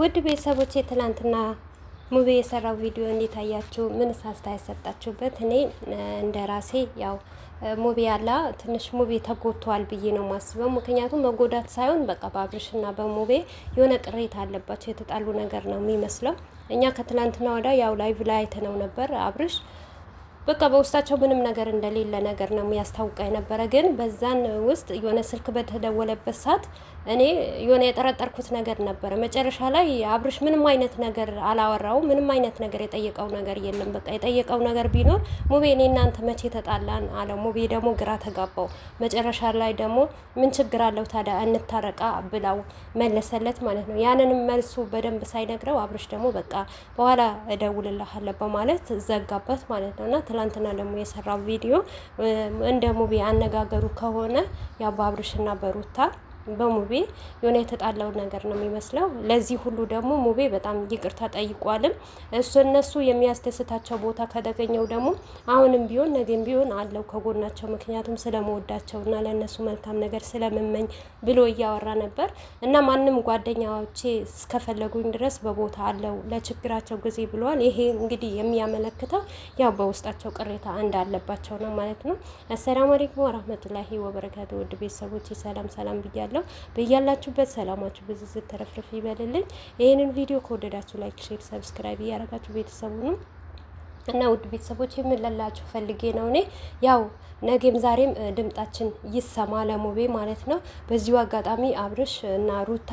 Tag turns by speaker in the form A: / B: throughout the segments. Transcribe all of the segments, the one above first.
A: ውድ ቤተሰቦች ትናንትና ሙቤ የሰራው ቪዲዮ እንዴት አያችሁ? ምንስ አስተያየት ሰጣችሁበት? እኔ እንደ ራሴ ያው ሙቤ ያላ ትንሽ ሙቤ ተጎድቷል ብዬ ነው ማስበው። ምክንያቱም መጎዳት ሳይሆን በቃ በአብርሽና በሙቤ የሆነ ቅሬታ አለባቸው የተጣሉ ነገር ነው የሚመስለው። እኛ ከትላንትና ወዳ ያው ላይቭ ላይ አይተነው ነበር አብርሽ በቃ በውስጣቸው ምንም ነገር እንደሌለ ነገር ነው የሚያስታውቃ የነበረ። ግን በዛን ውስጥ የሆነ ስልክ በተደወለበት ሰዓት እኔ የሆነ የጠረጠርኩት ነገር ነበረ። መጨረሻ ላይ አብርሽ ምንም አይነት ነገር አላወራው፣ ምንም አይነት ነገር የጠየቀው ነገር የለም። በቃ የጠየቀው ነገር ቢኖር ሙቤ እኔ እናንተ መቼ ተጣላን አለው። ሙቤ ደግሞ ግራ ተጋባው። መጨረሻ ላይ ደግሞ ምን ችግር አለው ታዲያ እንታረቃ ብላው መለሰለት ማለት ነው። ያንንም መልሱ በደንብ ሳይነግረው አብርሽ ደግሞ በቃ በኋላ እደውልልሃለሁ በማለት ዘጋበት ማለት ነው እና ትላንትና ደግሞ የሰራው ቪዲዮ እንደ ሙቪ አነጋገሩ ከሆነ ያው በአብርሽና በሩታ በሙቤ የሆነ የተጣላውን ነገር ነው የሚመስለው። ለዚህ ሁሉ ደግሞ ሙቤ በጣም ይቅርታ ጠይቋልም። እሱ እነሱ የሚያስደስታቸው ቦታ ከተገኘው ደግሞ አሁንም ቢሆን ነገም ቢሆን አለው ከጎናቸው፣ ምክንያቱም ስለመወዳቸውና ለእነሱ መልካም ነገር ስለምመኝ ብሎ እያወራ ነበር እና ማንም ጓደኛዎቼ እስከፈለጉኝ ድረስ በቦታ አለው ለችግራቸው ጊዜ ብለዋል። ይሄ እንግዲህ የሚያመለክተው ያው በውስጣቸው ቅሬታ እንዳለባቸው ነው ማለት ነው። አሰላሙ አለይኩም ወራህመቱላሂ ወበረካቱ። ውድ ቤተሰቦች ሰላም ሰላም ብያለሁ። ነው። በያላችሁበት ሰላማችሁ ብዙ ስትረፍረፍ ይበልልኝ። ይህንን ቪዲዮ ከወደዳችሁ ላይክ፣ ሼር፣ ሰብስክራይብ እያረጋችሁ ቤተሰቡንም እና ውድ ቤተሰቦች የምንለላችሁ ፈልጌ ነው። እኔ ያው ነገም ዛሬም ድምጣችን ይሰማ ለሙቤ ማለት ነው። በዚሁ አጋጣሚ አብርሽ እና ሩታ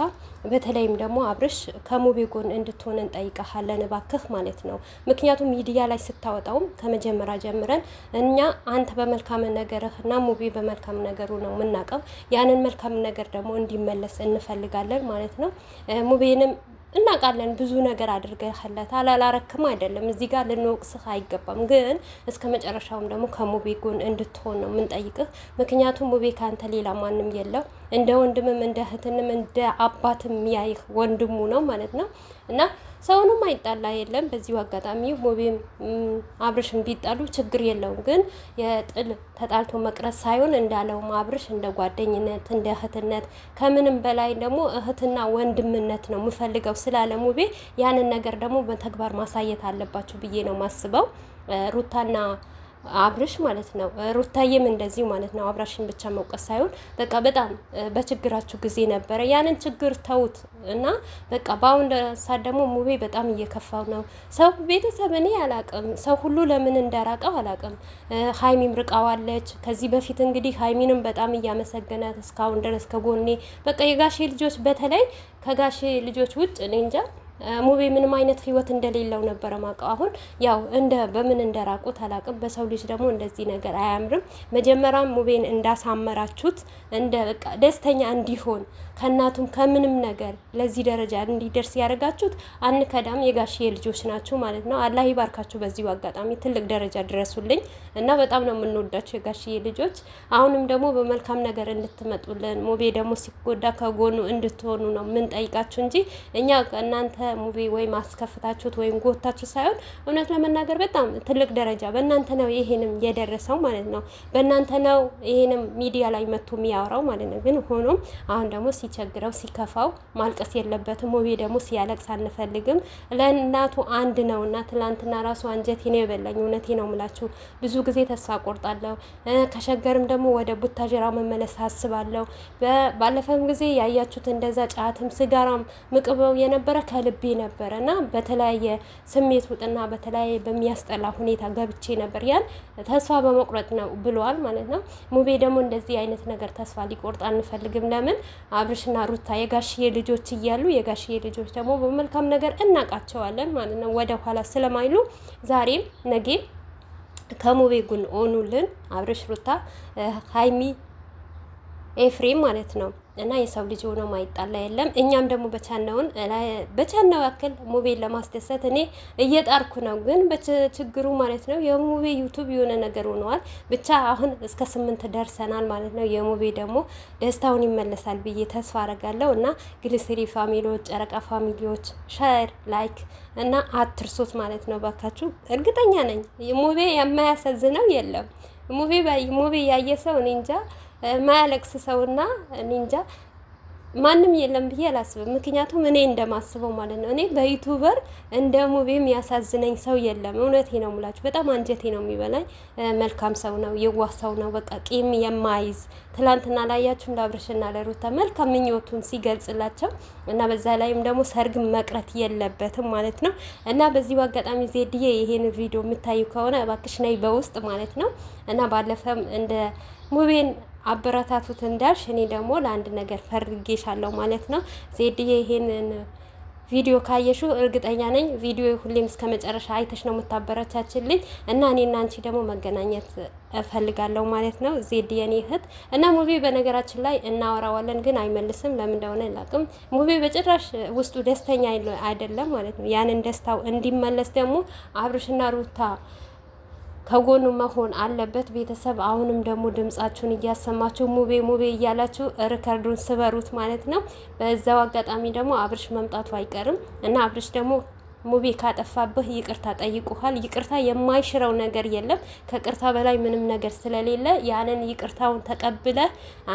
A: በተለይም ደግሞ አብርሽ ከሙቤ ጎን እንድትሆን እንጠይቀሃለን እባክህ ማለት ነው። ምክንያቱም ሚዲያ ላይ ስታወጣውም ከመጀመሪያ ጀምረን እኛ አንተ በመልካም ነገርህ እና ሙቤ በመልካም ነገሩ ነው የምናውቀው። ያንን መልካም ነገር ደግሞ እንዲመለስ እንፈልጋለን ማለት ነው ሙቤንም እናውቃለን። ብዙ ነገር አድርገህለት አላላረክም አይደለም። እዚህ ጋር ልንወቅስህ አይገባም። ግን እስከ መጨረሻውም ደግሞ ከሙቤ ጎን እንድትሆን ነው የምንጠይቅህ። ምክንያቱም ሙቤ ካንተ ሌላ ማንም የለው። እንደ ወንድምም እንደ እህትንም እንደ አባትም ያይህ ወንድሙ ነው ማለት ነው እና ሰውንም አይጣላ የለም። በዚሁ አጋጣሚ ሞቤም አብርሽን ቢጣሉ ችግር የለውም። ግን የጥል ተጣልቶ መቅረት ሳይሆን እንዳለውም አብርሽ እንደ ጓደኝነት፣ እንደ እህትነት ከምንም በላይ ደግሞ እህትና ወንድምነት ነው የምፈልገው ስላለ ሙቤ ያንን ነገር ደግሞ በተግባር ማሳየት አለባቸው ብዬ ነው ማስበው ሩታና አብርሽ ማለት ነው። ሩታዬም እንደዚሁ ማለት ነው። አብራሽን ብቻ መውቀስ ሳይሆን በቃ በጣም በችግራችሁ ጊዜ ነበረ። ያንን ችግር ተውት እና በቃ በአሁን ሰዓት ደግሞ ሙቤ በጣም እየከፋው ነው። ሰው ቤተሰብ እኔ አላቅም፣ ሰው ሁሉ ለምን እንደራቀው አላቅም። ሀይሚም ርቃዋለች። ከዚህ በፊት እንግዲህ ሀይሚንም በጣም እያመሰገናት እስካሁን ድረስ ከጎኔ በቃ የጋሼ ልጆች በተለይ ከጋሼ ልጆች ውጭ እኔ እንጃ ሙቤ ምንም አይነት ህይወት እንደሌለው ነበረ ማውቀው። አሁን ያው እንደ በምን እንደራቁ ታላቅም። በሰው ልጅ ደግሞ እንደዚህ ነገር አያምርም። መጀመሪያም ሙቤን እንዳሳመራችሁት እንደ በቃ ደስተኛ እንዲሆን ከእናቱም ከምንም ነገር ለዚህ ደረጃ እንዲደርስ ያደረጋችሁት አንከዳም የጋሽ ልጆች ናችሁ ማለት ነው። አላህ ይባርካችሁ። በዚሁ አጋጣሚ ትልቅ ደረጃ ድረሱልኝ እና በጣም ነው የምንወዳቸው የጋሽዬ ልጆች። አሁንም ደግሞ በመልካም ነገር እንድትመጡልን ሙቤ ደግሞ ሲጎዳ ከጎኑ እንድትሆኑ ነው የምንጠይቃችሁ እንጂ እኛ እናንተ ሙቪ ወይም አስከፍታችሁት ወይም ጎታችሁ ሳይሆን እውነት ለመናገር በጣም ትልቅ ደረጃ በእናንተ ነው ይሄንም የደረሰው ማለት ነው። በእናንተ ነው ይሄንም ሚዲያ ላይ መጥቶ የሚያወራው ማለት ነው። ግን ሆኖም አሁን ደግሞ ሲቸግረው ሲከፋው ማልቀስ የለበትም። ሙቪ ደግሞ ሲያለቅስ አንፈልግም። ለእናቱ አንድ ነው እና ትላንትና ራሱ አንጀቴ ነው የበላኝ። እውነቴ ነው ምላችሁ ብዙ ጊዜ ተስፋ ቆርጣለሁ። ከሸገርም ደግሞ ወደ ቡታጀራ መመለስ አስባለሁ። ባለፈም ጊዜ ያያችሁት እንደዛ ጫትም ስጋራም ምቅበው የነበረ ከልብ ገብቤ ነበረ እና በተለያየ ስሜት ውጥና በተለያየ በሚያስጠላ ሁኔታ ገብቼ ነበር። ያን ተስፋ በመቁረጥ ነው ብለዋል ማለት ነው። ሙቤ ደግሞ እንደዚህ አይነት ነገር ተስፋ ሊቆርጥ አንፈልግም። ለምን አብርሽና ሩታ የጋሽዬ ልጆች እያሉ የጋሽዬ ልጆች ደግሞ በመልካም ነገር እናውቃቸዋለን ማለት ነው። ወደ ኋላ ስለማይሉ ዛሬም ነጌ ከሙቤ ጎን ሆኑልን። አብርሽ ሩታ ሀይሚ ኤፍሬም ማለት ነው። እና የሰው ልጅ ሆኖ ማይጣላ የለም። እኛም ደግሞ በቻናውን በቻናው ያክል ሙቤን ለማስደሰት እኔ እየጣርኩ ነው። ግን ችግሩ ማለት ነው የሙቤ ዩቱብ የሆነ ነገር ሆነዋል። ብቻ አሁን እስከ ስምንት ደርሰናል ማለት ነው። የሙቤ ደግሞ ደስታውን ይመለሳል ብዬ ተስፋ አረጋለሁ። እና ግሊሰሪ ፋሚሊዎች፣ ጨረቃ ፋሚሊዎች ሸር ላይክ እና አትርሶት ማለት ነው ባካችሁ። እርግጠኛ ነኝ ሙቤ የማያሳዝነው የለም። ሙቤ ሙቤ ያየ ሰው እኔ እንጃ ማያለቅስ ሰውና ኒንጃ ማንም የለም ብዬ አላስብም። ምክንያቱም እኔ እንደማስበው ማለት ነው። እኔ በዩቱበር እንደ ሙቤም ያሳዝነኝ ሰው የለም። እውነቴ ነው ሙላችሁ፣ በጣም አንጀቴ ነው የሚበላኝ። መልካም ሰው ነው፣ የዋህ ሰው ነው። በቃ ቂም የማይዝ ትላንትና ላያችሁ እንደ አብርሽና ለሩታ መልካም ምኞቱን ሲገልጽላቸው እና በዛ ላይም ደግሞ ሰርግ መቅረት የለበትም ማለት ነው። እና በዚህ አጋጣሚ ዜድዬ ይሄን ቪዲዮ የምታዩ ከሆነ እባክሽ ነይ በውስጥ ማለት ነው። እና ባለፈም እንደ ሙቤን አበረታቱት እንዳልሽ እኔ ደግሞ ለአንድ ነገር ፈርጌሻለሁ ማለት ነው ዜድዬ ይሄንን ቪዲዮ ካየሹ እርግጠኛ ነኝ ቪዲዮ ሁሌም እስከ መጨረሻ አይተሽ ነው የምታበረቻችልኝ እና እኔና አንቺ ደግሞ መገናኘት እፈልጋለሁ ማለት ነው። ዜድ የኔ እህት እና ሙቪ በነገራችን ላይ እናወራዋለን፣ ግን አይመልስም። ለምን እንደሆነ ላቅም ሙቪ በጭራሽ ውስጡ ደስተኛ አይደለም ማለት ነው። ያንን ደስታው እንዲመለስ ደግሞ አብርሽና ሩታ ከጎኑ መሆን አለበት። ቤተሰብ አሁንም ደግሞ ድምጻችሁን እያሰማችሁ ሙቤ ሙቤ እያላችሁ ሪከርዱን ስበሩት ማለት ነው። በዛው አጋጣሚ ደግሞ አብርሽ መምጣቱ አይቀርም እና አብርሽ ደግሞ ሙቤ ካጠፋብህ ይቅርታ ጠይቁሃል። ይቅርታ የማይሽረው ነገር የለም። ከቅርታ በላይ ምንም ነገር ስለሌለ ያንን ይቅርታውን ተቀብለ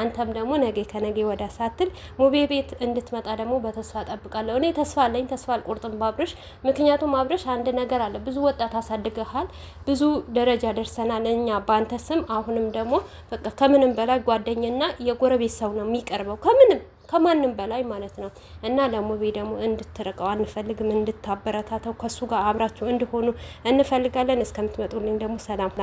A: አንተም ደግሞ ነገ ከነገ ወዳ ሳትል ሙቤ ቤት እንድትመጣ ደግሞ በተስፋ ጠብቃለሁ። እኔ ተስፋ አለኝ፣ ተስፋ አልቆርጥም ባብርሽ። ምክንያቱም አብርሽ አንድ ነገር አለ። ብዙ ወጣት አሳድገሃል፣ ብዙ ደረጃ ደርሰናል እኛ በአንተ ስም። አሁንም ደግሞ በቃ ከምንም በላይ ጓደኛና የጎረቤት ሰው ነው የሚቀርበው ከምንም ከማንም በላይ ማለት ነው እና ለሙቤ ደግሞ እንድትርቀው አንፈልግም፣ እንድታበረታተው ከሱ ጋር አብራችሁ እንዲሆኑ እንፈልጋለን። እስከምትመጡልኝ ደግሞ ሰላም